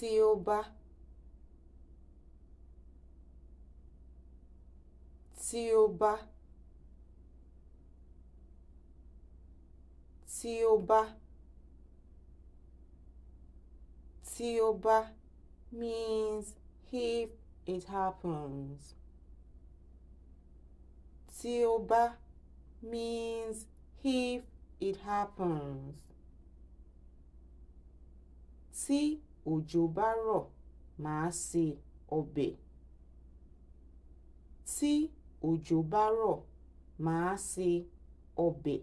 tí ó bá tí ó bá tí ó bá tí ó bá means if it happens tí ó bá means if it happens tí òjò bá rọ̀ màá se ọbẹ̀ tí òjò bá rọ̀ màá se ọbẹ̀.